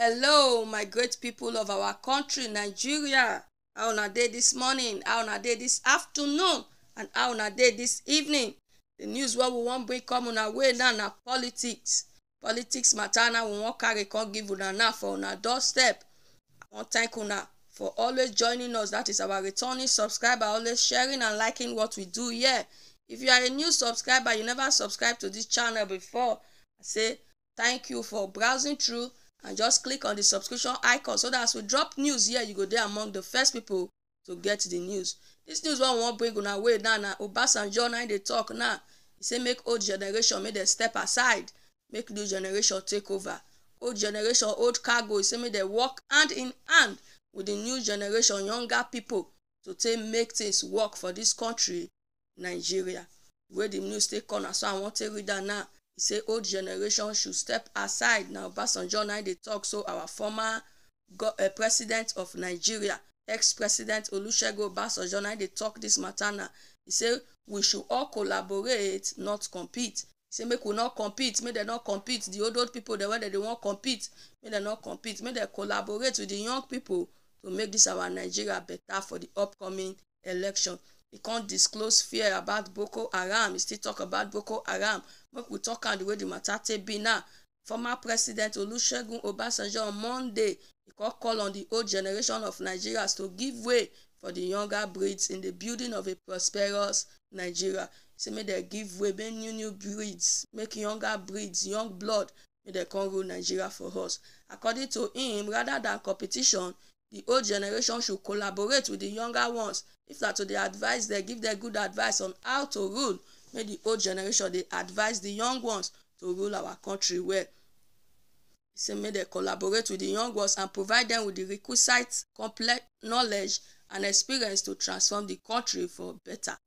hello my great people of our country nigeria how una dey this morning how una dey this afternoon and how una dey this evening the news wey we wan bring come una way now na politics politics matter na we wan carry come give una now for una doorstep i wan thank una for always joining us that is our returning subscriber always sharing and liking what we do here if you are a new subscriber you never subscribe to this channel before i say thank you for browsing through and just click on the subscription icon so that as we drop news here you go dey among the first people to get the news this news one we wan bring una way now na obasanjo na dey talk now He say make old generation make dem step aside make new generation take over old generation old cargo He say make dem work hand in hand with the new generation younger people to take make things work for this country nigeria wey the news take come na so i wan take read that now He say old generation should step aside na obasanjo na dey talk so our former go, uh, president of nigeria ex-president olusegun obasanjo na dey talk this mata na e say we should all collaborate not compete He say make we no compete make dem no compete The old old people dem wey dem dey wan compete make dem no compete make dem collaborate with the young people to make this our nigeria better for the upcoming election He can't disclose fear about boko haram e still talk about boko haram make we talk on the way the matter take be now former president olusegun obasanjo on monday he called call on the old generation of nigerians to give way for the younger breeds in the building of a prosperous nigeria say make dem give way make new new breeds make younger breeds young blood make dem come rule nigeria for us according to him rather than competition The old generation should collaborate with the younger ones. If na to dey advise dem, give dem good advice on how to rule. May the old generation dey advise the young ones to rule our country well. He say make dem collaborate with the young ones and provide them with the requisite complex knowledge and experience to transform the country for better.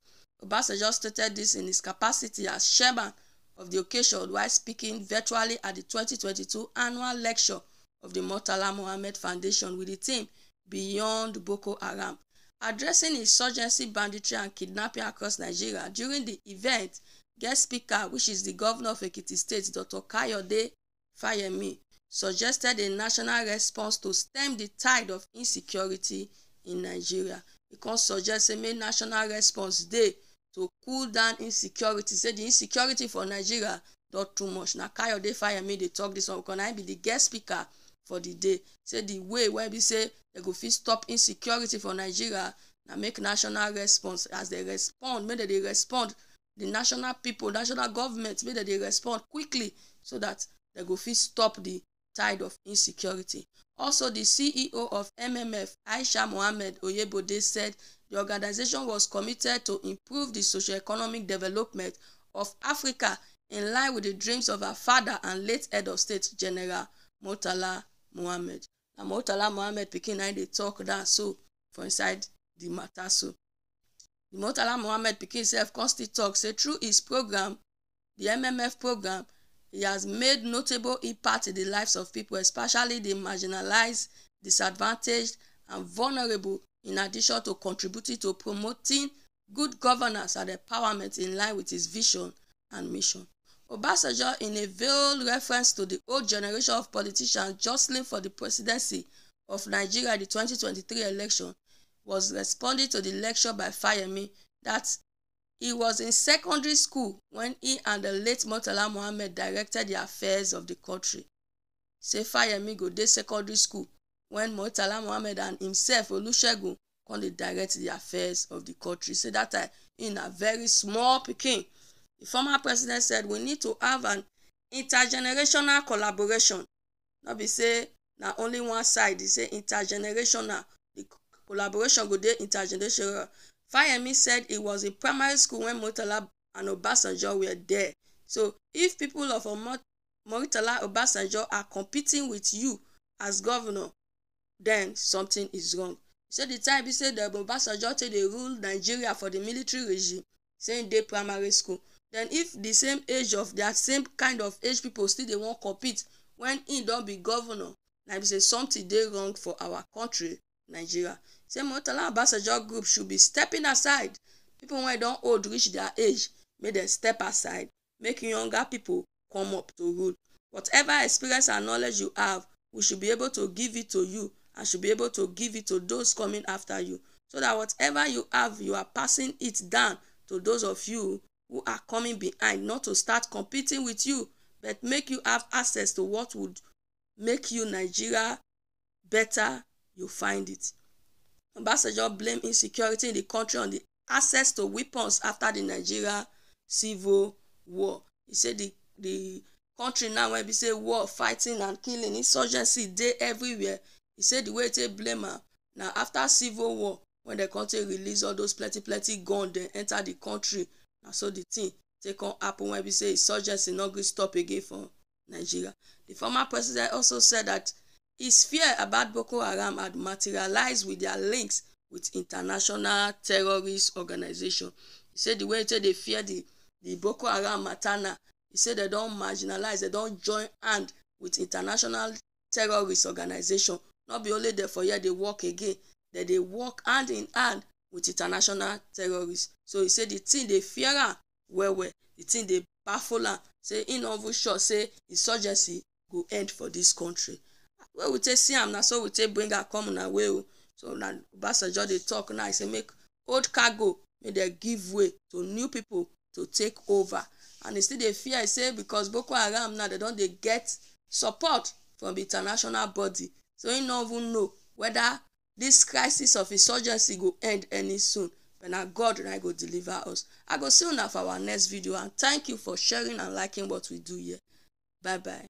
Obasanjo stated this in his capacity as chairman of the occasion while speaking virtually at the 2022 annual lecture of the Murtala Mohammed Foundation with the theme Beyond Boko Haram, addressing insurgency, banditry, and kidnapping across Nigeria. During the event, guest speaker, which is the governor of Ekiti State, Dr. Kayode Fayemi, suggested a national response to stem the tide of insecurity in Nigeria. He come suggest a national response day to cool down insecurity say the insecurity for Nigeria don too much Now, Kayode Fayemi dey talk this one because I him be the guest speaker for the day say the way where we say the go fit stop insecurity for nigeria na make national response as they respond make they respond the national people, national government make they respond quickly so that the go fit stop the tide of insecurity also the ceo of mmf aisha Mohamed oyebode said the organisation was committed to improve the socio-economic development of africa in line with the dreams of her father and late head of state general murtala muhammad na murtala muhammad pikin na dey talk dat so for inside di matter so di murtala muhammad pikin sef come still tok say through his program, di mmf program, he has made notable impact in di lives of pipo especially di marginalised disadvantaged and vulnerable in addition to contributing to promoting good governance and empowerment in line with his vision and mission Obasanjo, in a veiled reference to the old generation of politicians jostling for the presidency of Nigeria in the 2023 election, was responding to the lecture by Fayemi that he was in secondary school when he and the late Murtala Mohammed directed the affairs of the country. Say Fayemi go to secondary school when Murtala Mohammed and himself Olusegun come dey direct the affairs of the country. Say that time he na very small picking. The former president said we need to have an intergenerational collaboration. No be say na only one side, He say intergenerational. The collaboration go dey intergenerational. Fayemi said it was a primary school when Murtala and Obasanjo were there. So if people of Murtala Obasanjo are competing with you as governor, then something is wrong. So the time he said the Obasanjo take dey rule Nigeria for the military regime, saying dey primary school. Then, if the same age of dia same kind of age people still dey wan compete when he don be governor, na be say something dey wrong for our country, nigeria say murtala obasanjo group should be stepping aside People wey don old reach their age make dem step aside make younger people come up to rule whatever experience and knowledge you have we should be able to give it to you and should be able to give it to those coming after you so that whatever you have you are passing it down to those of you who are coming behind not to start competing with you but make you have access to what would make you Nigeria better you find it. Obasanjo blamed insecurity in the country on the access to weapons after the Nigeria civil war. He said the the country now wey be say war fighting and killing insurgency dey everywhere. He say the way e take blame am na after civil war when the country release all those plenty plenty gun dem enter the country na so the thing, take come happen when be say insurgency no gree stop again for nigeria The former president also said that his fear about boko haram had materialized with their links with international terrorist organisation He say the way they dey fear the the boko haram matter na e say dem don marginalize dem don join hand with international terrorist organisation no be only dem for here dey work again dem dey work hand in hand with international terrorists so he say the thing they fear am well well the thing they baffle am say e no even sure say insurgency go end for this country. Well, we take see am na so we take bring am come una way o so na obasanjo dey tok now e say make old cargo may they give way to new people to take over and e still dey fear say because boko haram now they don't they get support from di international body so he no even know whether. This crisis of insurgency go end any soon but na god na go deliver us i go see una for our next video and thank you for sharing and liking what we do here bye bye